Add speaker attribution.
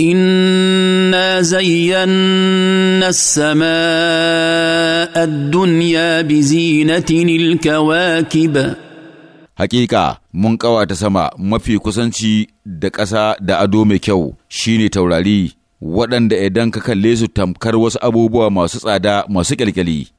Speaker 1: انا زينا السماء الدنيا بزينه الكواكب
Speaker 2: Hakika mun ƙawata sama mafi kusanci da ƙasa da ado mai kyau shine taurari waɗanda idan ka kalle su tamkar wasu abubuwa masu tsada masu
Speaker 3: ƙyalƙyali.